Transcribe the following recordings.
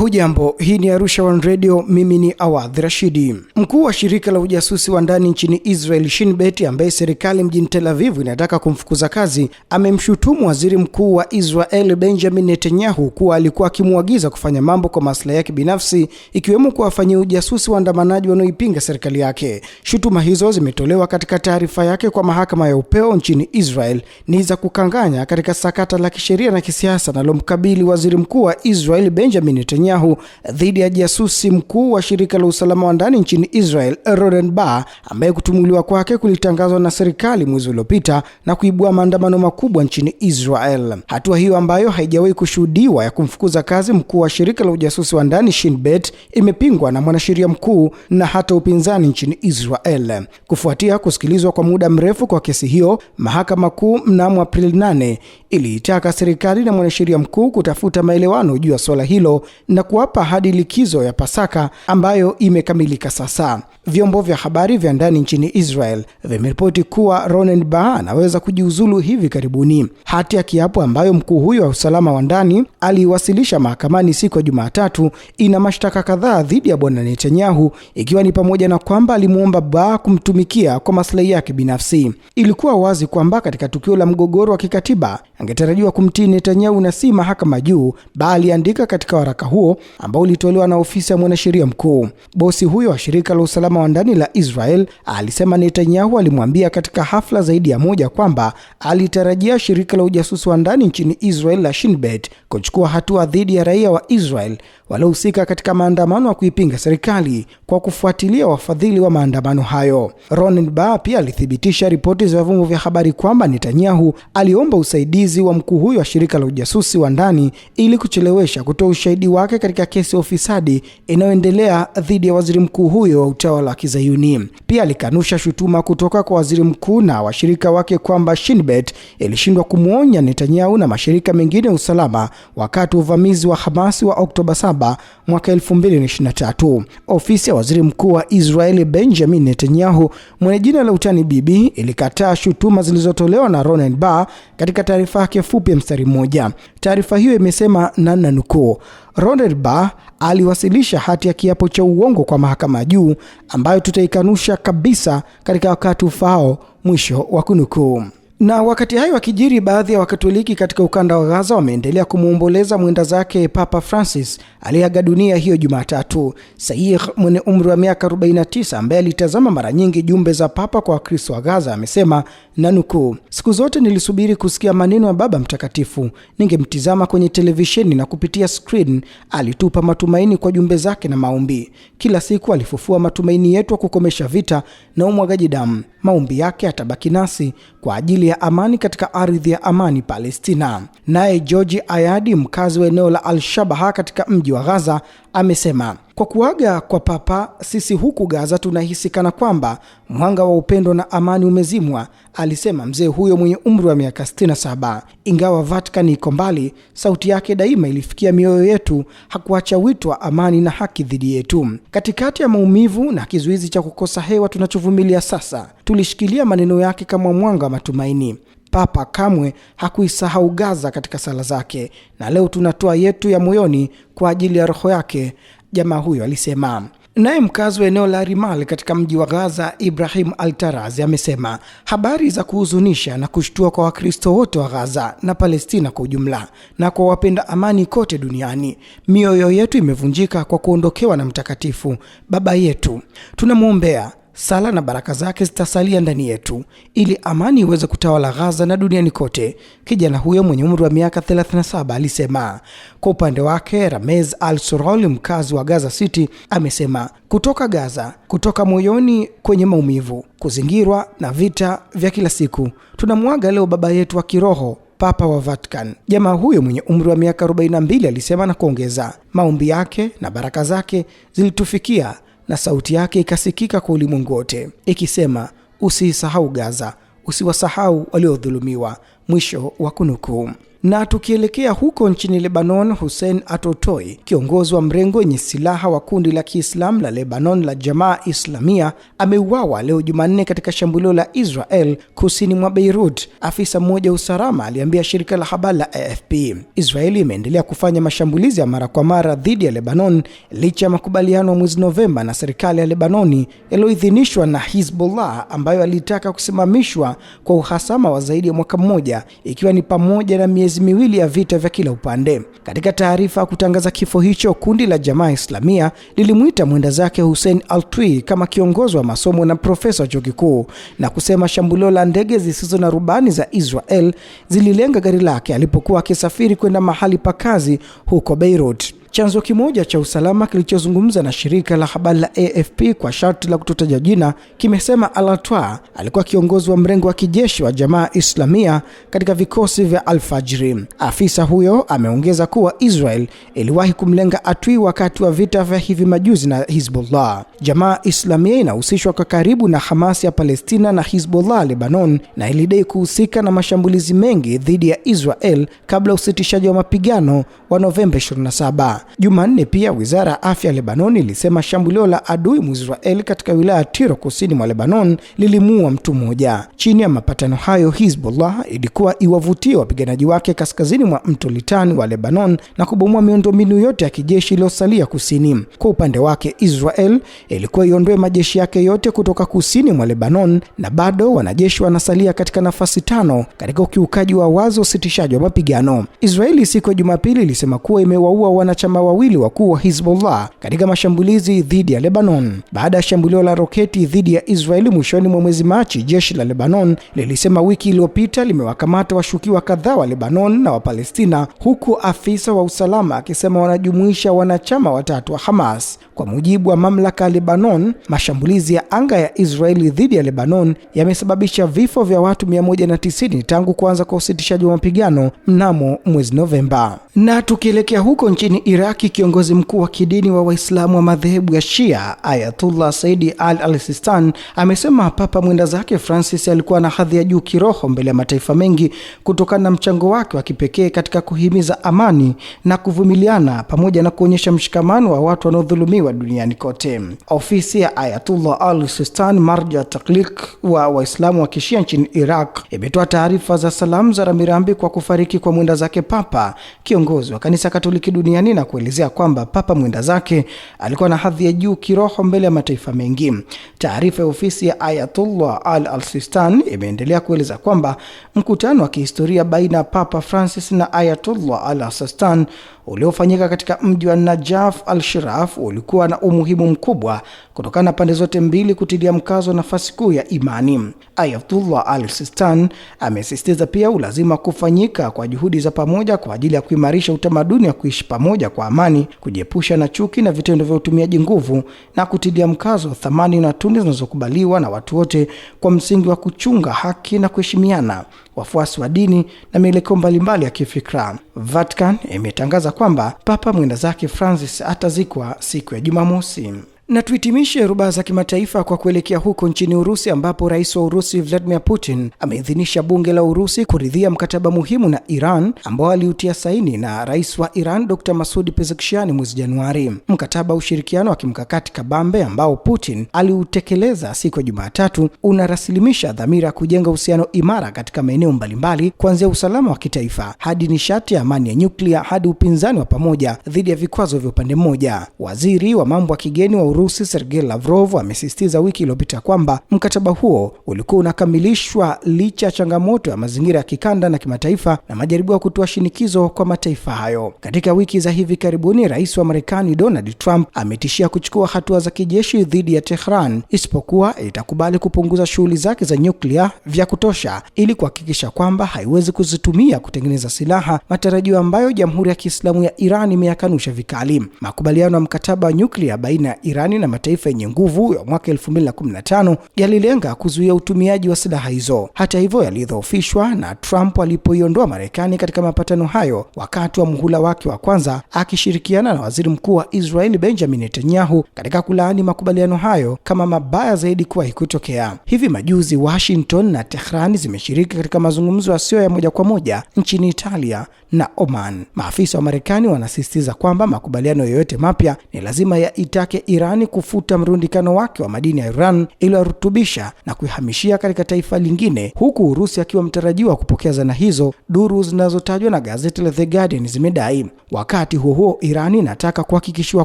Hujambo, hii ni Arusha One Radio. Mimi ni Awadh Rashidi. Mkuu wa shirika la ujasusi wa ndani nchini Israel Bet, ambaye serikali mjini Tel Aviv inataka kumfukuza kazi, amemshutumu waziri mkuu wa Israel Benjamin Netanyahu kuwa alikuwa akimwagiza kufanya mambo kwa maslahi yake binafsi, ikiwemo kuwafanyia ujasusi waandamanaji wanaoipinga serikali yake. Shutuma hizo zimetolewa katika taarifa yake kwa mahakama ya upeo nchini Israel ni za kukanganya katika sakata la kisheria na kisiasa nalomkabili waziri mkuu wa Israel Benjamin Netanyahu Netanyahu dhidi ya jasusi mkuu wa shirika la usalama wa ndani nchini Israel Ronen Bar, ambaye kutumuliwa kwake kulitangazwa na serikali mwezi uliopita na kuibua maandamano makubwa nchini Israel. Hatua hiyo ambayo haijawahi kushuhudiwa ya kumfukuza kazi mkuu wa shirika la ujasusi wa ndani Shin Bet imepingwa na mwanasheria mkuu na hata upinzani nchini Israel. Kufuatia kusikilizwa kwa muda mrefu kwa kesi hiyo, mahakama kuu mnamo Aprili 8 iliitaka serikali na mwanasheria mkuu kutafuta maelewano juu ya swala hilo na na kuwapa hadi likizo ya Pasaka ambayo imekamilika sasa. Vyombo vya habari vya ndani nchini Israel vimeripoti kuwa Ronen Bar anaweza kujiuzulu hivi karibuni. Hati ya kiapo ambayo mkuu huyo wa usalama wa ndani aliiwasilisha mahakamani siku ya Jumatatu ina mashtaka kadhaa dhidi ya bwana Netanyahu, ikiwa ni pamoja na kwamba alimwomba Bar kumtumikia kwa maslahi yake binafsi. Ilikuwa wazi kwamba katika tukio la mgogoro wa kikatiba angetarajiwa kumtii Netanyahu na si mahakama juu, bali aliandika katika waraka huo ambao ulitolewa na ofisi ya mwanasheria mkuu. Bosi huyo wa shirika la usalama wa ndani la Israel alisema Netanyahu alimwambia katika hafla zaidi ya moja kwamba alitarajia shirika la ujasusi wa ndani nchini Israel la Shin Bet kuchukua hatua dhidi ya raia wa Israel waliohusika katika maandamano ya kuipinga serikali kwa kufuatilia wafadhili wa maandamano hayo. Ronen Bar pia alithibitisha ripoti za vyombo vya habari kwamba Netanyahu aliomba usaidizi wa mkuu huyo wa shirika la ujasusi wa ndani ili kuchelewesha kutoa ushahidi wake katika kesi ya ufisadi inayoendelea dhidi ya waziri mkuu huyo wa utawala wa kizayuni. Pia alikanusha shutuma kutoka kwa waziri mkuu na washirika wake kwamba Shinbet ilishindwa kumwonya Netanyahu na mashirika mengine ya usalama wakati wa uvamizi wa hamasi wa Oktoba 7 mwaka 2023. Ofisi ya waziri mkuu wa Israeli Benjamin Netanyahu mwenye jina la utani Bibi ilikataa shutuma zilizotolewa na Ronen Bar katika taarifa yake fupi ya mstari mmoja. Taarifa hiyo imesema na nanukuu Ronald Bar aliwasilisha hati ya kiapo cha uongo kwa mahakama ya juu ambayo tutaikanusha kabisa katika wakati ufao, mwisho wa kunukuu. Na wakati hayo akijiri, baadhi ya Wakatoliki katika ukanda wa Gaza wameendelea kumwomboleza mwenda zake Papa Francis aliyeaga dunia hiyo Jumatatu. Sayih mwenye umri wa miaka 49 ambaye alitazama mara nyingi jumbe za Papa kwa Wakristo wa Gaza amesema na nukuu, siku zote nilisubiri kusikia maneno ya Baba Mtakatifu, ningemtizama kwenye televisheni na kupitia screen. Alitupa matumaini kwa jumbe zake na maombi. Kila siku alifufua matumaini yetu ya kukomesha vita na umwagaji damu. Maombi yake atabaki nasi kwa ajili ya amani katika ardhi ya amani Palestina. Naye George Ayadi, mkazi wa eneo la Al-Shabaha katika mji wa Gaza, amesema kwa kuaga kwa Papa, sisi huku Gaza tunahisi kana kwamba mwanga wa upendo na amani umezimwa, alisema mzee huyo mwenye umri wa miaka 67. Ingawa Vatican iko mbali, sauti yake daima ilifikia mioyo yetu. Hakuacha wito wa amani na haki dhidi yetu. Katikati ya maumivu na kizuizi cha kukosa hewa tunachovumilia sasa, tulishikilia maneno yake kama mwanga wa matumaini. Papa kamwe hakuisahau Gaza katika sala zake, na leo tunatoa yetu ya moyoni kwa ajili ya roho yake, jamaa huyo alisema. Naye mkazi wa eneo la Rimal katika mji wa Gaza, Ibrahim Altarazi, amesema habari za kuhuzunisha na kushtua kwa Wakristo wote wa Gaza na Palestina kwa ujumla na kwa wapenda amani kote duniani. Mioyo yetu imevunjika kwa kuondokewa na mtakatifu baba yetu, tunamwombea sala na baraka zake zitasalia ndani yetu ili amani iweze kutawala Gaza na duniani kote. Kijana huyo mwenye umri wa miaka 37 alisema. Kwa upande wake, Ramez Al Surol, mkazi wa Gaza City, amesema kutoka Gaza, kutoka moyoni kwenye maumivu, kuzingirwa na vita vya kila siku, tunamwaga leo baba yetu wa kiroho Papa wa Vatican. Jamaa huyo mwenye umri wa miaka 42 alisema na kuongeza, maombi yake na baraka zake zilitufikia na sauti yake ikasikika kwa ulimwengu wote ikisema, usiisahau Gaza, usiwasahau waliodhulumiwa. Mwisho wa kunukuu. Na tukielekea huko nchini Lebanon, Hussein Atotoi, kiongozi wa mrengo wenye silaha wa kundi la Kiislamu la Lebanon la Jamaa Islamia, ameuawa leo Jumanne katika shambulio la Israel kusini mwa Beirut. Afisa mmoja wa usalama aliambia shirika la habari la AFP. Israeli imeendelea kufanya mashambulizi ya mara kwa mara dhidi ya Lebanon licha ya makubaliano ya mwezi Novemba na serikali ya Lebanoni yaliyoidhinishwa na Hizbullah, ambayo alitaka kusimamishwa kwa uhasama wa zaidi ya mwaka mmoja, ikiwa ni pamoja na miezi miwili ya vita vya kila upande. Katika taarifa ya kutangaza kifo hicho, kundi la Jamaa Islamia lilimwita mwenda zake Hussein Altwi kama kiongozi wa masomo na profesa wa chuo kikuu na kusema shambulio la ndege zisizo na rubani za Israel zililenga gari lake alipokuwa akisafiri kwenda mahali pa kazi huko Beirut. Chanzo kimoja cha usalama kilichozungumza na shirika la habari la AFP kwa sharti la kutotaja jina kimesema Alatwa alikuwa kiongozi wa mrengo wa kijeshi wa Jamaa Islamia katika vikosi vya Al-Fajri. Afisa huyo ameongeza kuwa Israel iliwahi kumlenga Atwi wakati wa vita vya hivi majuzi na Hizbullah. Jamaa Islamia inahusishwa kwa karibu na Hamas ya Palestina na Hizbullah Lebanon, na ilidai kuhusika na mashambulizi mengi dhidi ya Israel kabla usitishaji wa mapigano wa Novemba 27. Jumanne pia wizara ya afya ya Lebanon ilisema shambulio la adui Mwisraeli katika wilaya ya Tiro kusini mwa Lebanon lilimuua mtu mmoja. Chini ya mapatano hayo, Hizbullah ilikuwa iwavutie wapiganaji wake kaskazini mwa mto Litani wa Lebanon na kubomoa miundombinu yote ya kijeshi iliyosalia kusini. Kwa upande wake, Israel ilikuwa iondoe majeshi yake yote kutoka kusini mwa Lebanon, na bado wanajeshi wanasalia katika nafasi tano katika ukiukaji wa wazi wa usitishaji wa mapigano. Israeli siku ya Jumapili ilisema kuwa imewaua wanachama wanachama wawili wakuu wa Hizbullah katika mashambulizi dhidi ya Lebanon. Baada ya shambulio la roketi dhidi ya Israeli mwishoni mwa mwezi Machi, jeshi la Lebanon lilisema wiki iliyopita limewakamata washukiwa kadhaa wa Lebanon na Wapalestina, huku afisa wa usalama akisema wanajumuisha wanachama watatu wa Hamas. Kwa mujibu wa mamlaka ya Lebanon, mashambulizi ya anga ya Israeli dhidi ya Lebanon yamesababisha vifo vya watu 190 tangu kuanza kwa usitishaji wa mapigano mnamo mwezi Novemba. Na tukielekea huko nchini Iran, Iraki, kiongozi mkuu wa kidini wa Waislamu wa madhehebu ya Shia Ayatullah Saidi Al Al-Sistan amesema Papa mwenda zake Francis alikuwa na hadhi ya juu kiroho mbele ya mataifa mengi kutokana na mchango wake wa kipekee katika kuhimiza amani na kuvumiliana pamoja na kuonyesha mshikamano wa watu wanaodhulumiwa duniani kote. Ofisi ya Ayatullah Al-Sistan, marja taklik wa Waislamu wa Kishia nchini Iraq, imetoa taarifa za salamu za rambirambi kwa kufariki kwa mwenda zake Papa, kiongozi wa kanisa Katoliki duniani na kuelezea kwamba Papa mwenda zake alikuwa na hadhi ya juu kiroho mbele ya mataifa mengi. Taarifa ya ofisi ya Ayatullah Al al sistan imeendelea kueleza kwamba mkutano wa kihistoria baina ya Papa Francis na Ayatullah Al al uliofanyika katika mji wa Najaf al-Sharaf ulikuwa na umuhimu mkubwa kutokana na pande zote mbili kutilia mkazo nafasi kuu ya imani. Ayatullah al-Sistani amesisitiza pia ulazima kufanyika kwa juhudi za pamoja kwa ajili ya kuimarisha utamaduni wa kuishi pamoja kwa amani, kujiepusha na chuki na vitendo vya utumiaji nguvu na kutilia mkazo thamani na tunu zinazokubaliwa na watu wote kwa msingi wa kuchunga haki na kuheshimiana wafuasi wa dini na mielekeo mbalimbali ya kifikra. Vatican imetangaza kwamba Papa mwenda zake Francis atazikwa siku ya Jumamosi. Na tuhitimishe rubaa za kimataifa kwa kuelekea huko nchini Urusi ambapo rais wa Urusi Vladimir Putin ameidhinisha bunge la Urusi kuridhia mkataba muhimu na Iran ambao aliutia saini na rais wa Iran Dr. Masudi Pezeshkian mwezi Januari. Mkataba wa ushirikiano wa kimkakati kabambe ambao Putin aliutekeleza siku ya Jumatatu unarasilimisha dhamira ya kujenga uhusiano imara katika maeneo mbalimbali kuanzia usalama wa kitaifa hadi nishati ya amani ya nyuklia hadi upinzani wa pamoja dhidi ya vikwazo vya upande mmoja. Waziri wa mambo ya kigeni wa Urusi Urusi Sergei Lavrov amesisitiza wiki iliyopita kwamba mkataba huo ulikuwa unakamilishwa licha ya changamoto ya mazingira ya kikanda na kimataifa na majaribio ya kutoa shinikizo kwa mataifa hayo. Katika wiki za hivi karibuni, rais wa Marekani Donald Trump ametishia kuchukua hatua za kijeshi dhidi ya Tehran isipokuwa itakubali kupunguza shughuli zake za nyuklia vya kutosha ili kuhakikisha kwamba haiwezi kuzitumia kutengeneza silaha, matarajio ambayo Jamhuri ya Kiislamu ya Iran imeyakanusha vikali. Makubaliano ya mkataba wa nyuklia baina ya Iran Marekani na mataifa yenye nguvu ya mwaka 2015 yalilenga kuzuia utumiaji wa silaha hizo. Hata hivyo, yalidhoofishwa na Trump alipoiondoa Marekani katika mapatano hayo wakati wa muhula wake wa kwanza, akishirikiana na waziri mkuu wa Israeli Benjamin Netanyahu katika kulaani makubaliano hayo kama mabaya zaidi kuwahi kutokea. Hivi majuzi, Washington na Tehran zimeshiriki katika mazungumzo yasiyo ya moja kwa moja nchini Italia na Oman. Maafisa wa Marekani wanasisitiza kwamba makubaliano yoyote mapya ni lazima yaitake Iran Marekani kufuta mrundikano wake wa madini ya Iran iliyorutubisha na kuihamishia katika taifa lingine, huku Urusi akiwa mtarajiwa wa kupokea zana hizo, duru zinazotajwa na gazeti la The Guardian zimedai. Wakati huo huo, iran inataka kuhakikishiwa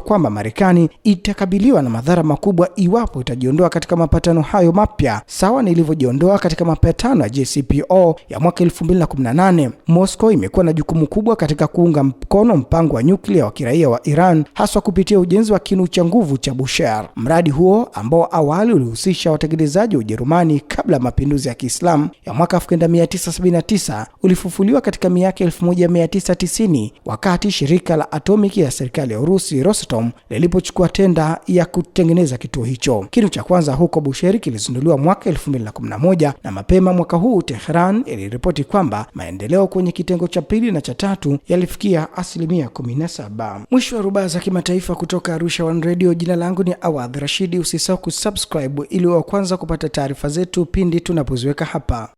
kwamba Marekani itakabiliwa na madhara makubwa iwapo itajiondoa katika mapatano hayo mapya, sawa na ilivyojiondoa katika mapatano ya jcpo ya mwaka 2018. Moscow imekuwa na jukumu kubwa katika kuunga mkono mpango wa nyuklia wa kiraia wa Iran, haswa kupitia ujenzi wa kinu cha nguvu cha Usher. Mradi huo ambao awali ulihusisha watengenezaji wa Ujerumani kabla ya mapinduzi ya Kiislamu ya mwaka 1979 ulifufuliwa katika miaka 1990 wakati shirika la atomiki ya serikali ya Urusi Rosatom lilipochukua tenda ya kutengeneza kituo hicho. Kinu cha kwanza huko Busheri kilizinduliwa mwaka 2011 na mapema mwaka huu Tehran iliripoti kwamba maendeleo kwenye kitengo cha pili na cha tatu yalifikia asilimia 17. Mwisho wa rubaa za kimataifa kutoka Arusha One Radio, jina la langu ni Awadh Rashidi. Usisahau kusubscribe ili wa kwanza kupata taarifa zetu pindi tunapoziweka hapa.